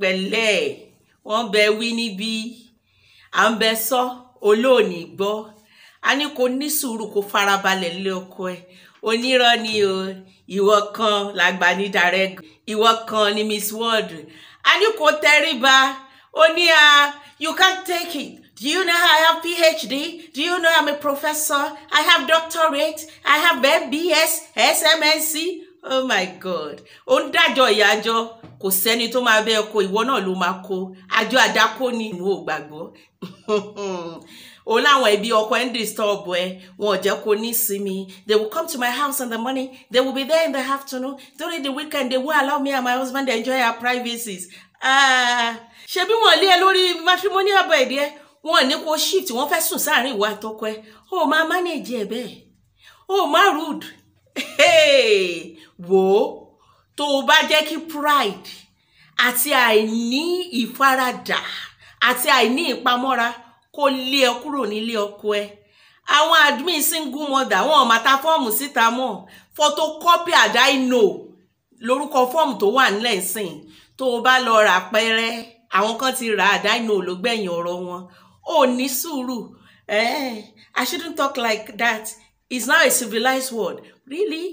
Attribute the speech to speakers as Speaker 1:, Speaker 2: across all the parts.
Speaker 1: pẹ̀lẹ́ wọ́n bẹ wí níbí à ń bẹ sọ olóòní gbọ́ a ní kò ní sùúrù kó farabalẹ̀ lé ọkọ ẹ̀ onírọ́ ni o ìwọ kan làgbà ní direct ìwọ kan ni miss world a ní kò tẹríba ó ní a ah, you can't take it Do you know I have PhD? Do you know I'm a professor? I have doctorate. I have MBS, SMNC oh my god ó ń dájọ ìyájọ kò sẹ́ni tó máa bẹ́ẹ̀ kó ìwọ náà ló máa kó àjọ àdákó ni ìlú ò gbàgbọ́ o láwọn ẹbí ọkọ ẹ ń disturb ẹ wọn ò jẹ́ kó ní sinmi they will come to my house in the morning they will be there in the afternoon during the weekend they will allow me and my husband to enjoy our privacies ah, ṣebí wọn lé ẹ lórí matrimonial bed ẹ wọn ò ní kó shift wọn fẹ́ sùn sáàrin ìwà àtọkọ ẹ o máa manage ẹ bẹ́ẹ̀ o máa rude. Hey! wò ó tó o bá jẹ́ kí pride àti àìní ìfaradà àti àìní ìpamọ́ra kó lé ẹ kúrò nílé ọkọ ẹ àwọn admin single mother wọn màtá fọ́ọ̀mù síta mọ́ photocopy àdáìnò lórúkọ fọ́ọ̀mù tó wà nílẹ̀ sìn tó o bá lọ rà pẹ́rẹ́ àwọn kan ti rà àdáìnò olóògbẹ̀yìn ọ̀rọ̀ wọn ò ní sùúrù eh, I shouldn't talk like that it's now a civilized world really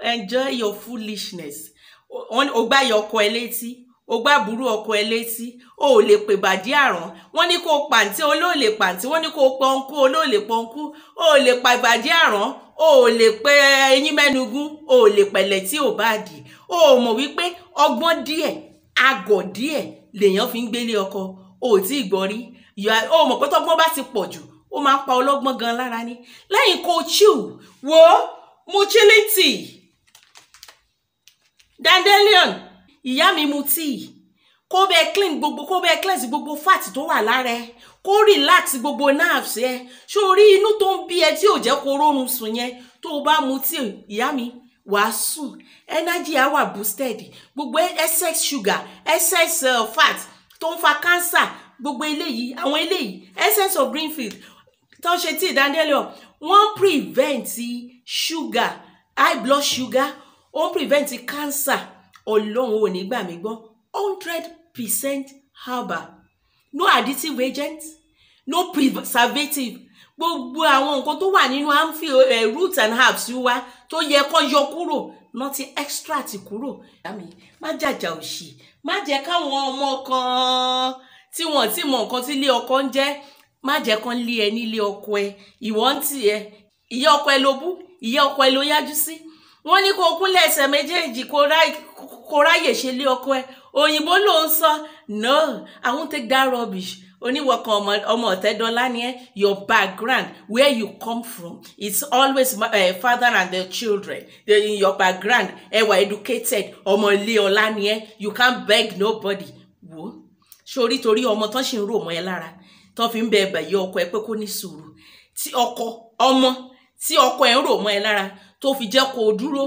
Speaker 1: enjoy your foolishness ó gbá yọ ọkọ ẹ létí ó gbá burú ọkọ ẹ létí ó ò lè pè bàdí àrùn wọ́n ní kó o pàǹtí olóòlè pàǹtí wọ́n ní kó o pọnkú olóòlè pọnkú ó ò lè pa ìbàdí àrùn o ò lè pe eyín mẹ́nugún o ò lè pẹ̀lẹ̀ tí ò bá dì o ò mọ̀ wípé ọgbọ́n díẹ̀ agọ̀ díẹ̀ lèèyàn fi ń gbélé ọkọ o ò tí ì gbọ́ rí o mọ̀ pé tọ́gbọ́n bá ti pọ̀ jù ó máa pa ọlọ́gbọ́n gan lára ní lẹ́yìn kó chill wo mu chilling dandelion ìyá mi mu tíì kó bẹ clean gbogbo kó bẹ cleanse gbogbo fat tó wà lára ẹ kó relax gbogbo nerves ẹ sórí inú tó ń bí ẹ tí ò jẹ́ kó rọrùn sùn yẹn tó o bá mu tíì ìyá mi wàá sùn energy á wà boosted gbogbo excess sugar excess uh, fat tó ń fa cancer gbogbo eléyìí àwọn eléyìí essence of greenfield tó ń ṣe tí dandelion wọ́n prevent sugar high blood sugar ó ń prevent cancer ọlọ́run ò ní gbà mí gbọ́ hundred percent herbal no additive agent no preservative gbogbo àwọn nǹkan tó wà nínú amphil eh, root and herbs wa tó yẹ kó yọ kúrò náà ti extract kúrò má jàjà òṣì má jẹ́ káwọn ọmọ kan tí wọn ti mọ nǹkan tí ilé ọkọ ń jẹ má jẹ́ kán lé ẹ nílé ọkọ ẹ ìwọ ń tì ẹ ìyá ọkọ ẹ ló ìyá ọkọ ẹ ló yájú sí wọ́n ní kó kúnlẹ̀ ẹsẹ̀ méjèèjì kó ráyè ṣe lé ọkọ ẹ òyìnbó ló ń sọ no i won't take that rubbish oníwọ̀kan ọmọ ọ̀tẹ́dọ́lá ni ẹ your background where you come from it's always uh, father and their children in your background ẹ wà educated ọmọ ilé ọlá ni ẹ you can't beg nobody wo sórí torí ọmọ tán ṣì ń rò mọ́ ẹ lára tán fi ń bẹ ẹgbà yọ ọkọ ẹ pé kó ní sùúrù tí ọkọ ọmọ tí ọkọ ẹ̀ ń rò mọ́ ẹ lára tó fi jẹ́ kó o dúró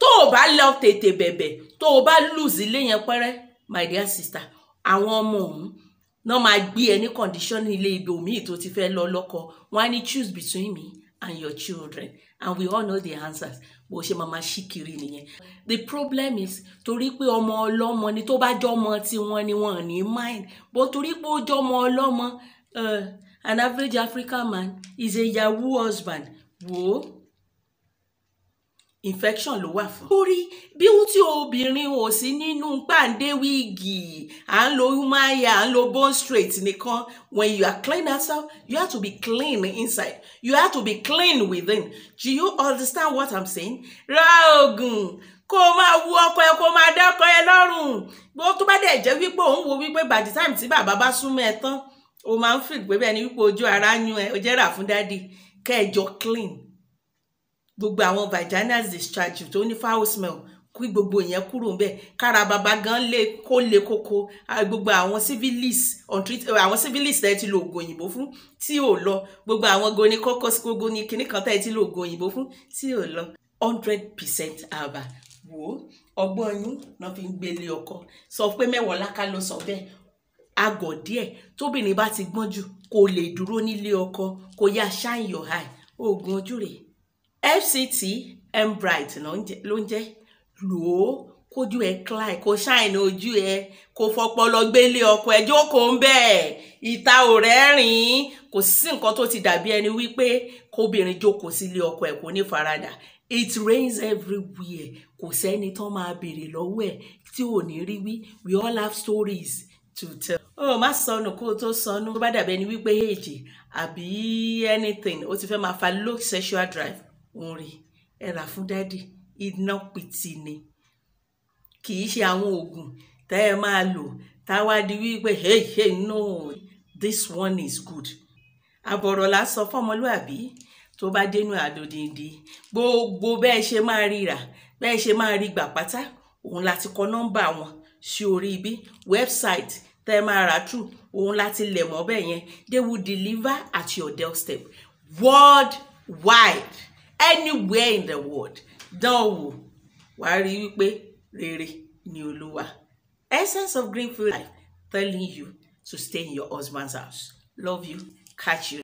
Speaker 1: tó o bá lọ tètè bẹ̀bẹ̀ tó o bá lùzì ilé yẹn my dear sister àwọn ọmọ ọ̀hún náà máa gbé ẹ ní condition ilé ibòmíì tó ti fẹ́ lọ lọ́kọ wọn á ní choose between me and your children and we all know the answers bó ṣe máa máa ṣí nìyẹn the problem is torí pé ọmọ ọlọ́mọ ni tó bá jọmọ tiwọn ni wọn ní mind bó torí pé ó jọmọ ọlọ́mọ uh, an average African man is a yahoo husband wò ó infection ló wà fún. torí bí ó tí obìnrin ò sí nínú pàǹdé wíìgì à ń lo human à ń lo bone straight nìkan when you are clean yourself, you have to be clean inside you have to be clean within do you understand what i'm saying. ra oògùn kó o máa wú ọkọ ẹ kó o máa dá ọkọ ẹ lọ́rùn bó tó bá dẹ̀ jẹ́ wípé òun wo wípé by the time tí bàbá bá súnmọ́ ẹ tán o máa ń fìgbé bẹ́ẹ̀ ni wípé ojú ara yún ẹ o jẹ́ rà fún dádì kẹjọ clean gbogbo àwọn vaginal discharge tó ní foul smell kí gbogbo ìyẹn kúrò ń bẹ kára bàbá gan lè kó lè koko gbogbo àwọn civilis eh, àwọn civilis tẹ ti lo oògùn òyìnbó fún tí ò lọ gbogbo àwọn goni kọkọs gbogbo ní kinní kan tẹ ti lo oògùn òyìnbó fún tí ò lọ hundred percent àbà wò ó ọgbọ́n yín náà fi ń gbélé ọkọ sọ pé mẹ́wọ̀ọ́ láká ló sọ bẹ́ẹ̀ agọ̀ díẹ̀ tóbìnrin bá ti gbọ́n jù kò lè dúró nílé ọkọ kò yá shine your eye oògùn ojú rẹ̀ fct mbright ló ń jẹ́ lò ó kójú ẹ clyde kò shine ojú ẹ kò fọpọlọ gbélé ọkọ ẹ jókòó ń bẹ́ẹ̀ ìta ò rẹ́rìn kò sí nǹkan tó ti dàbí ẹni wípé kóbìnrin jókòó sílé ọkọ ẹ kò ní faradà it rains everywhere kò sẹ́ni tán máa béèrè lọ́wọ́ ẹ̀ tí ò ní rí wí we all have stories to tell. ó oh, má sọnù kó o tó sọnù tó bá dàbí ẹni wípé èjì àbí anything ó ti fẹ́ máa fa low sexual drive òun rè ẹ rà fún dádì iná pìtì ni kì í ṣe àwọn oògùn tẹ́ ẹ máa lò táwa di wípé hey hey no this one is good àbọ̀rọ̀ la sọ fọmọlúàbí tó bá dénú àdòdìndì gbogbo bẹ́ẹ̀ ṣe máa rí rà bẹ́ẹ̀ ṣe máa rí gbà pátá òun láti kọ nọ́mbà wọn sí orí ibi website tẹ́ máa rà true òun láti lẹ̀ mọ́ bẹ́ẹ̀ yẹn they will deliver at your doorstep world wide, anywhere in the world dánwò wàá rí wípé rere ni olúwa essence of greenfield life telling you to stay in your husband's house love you catch you.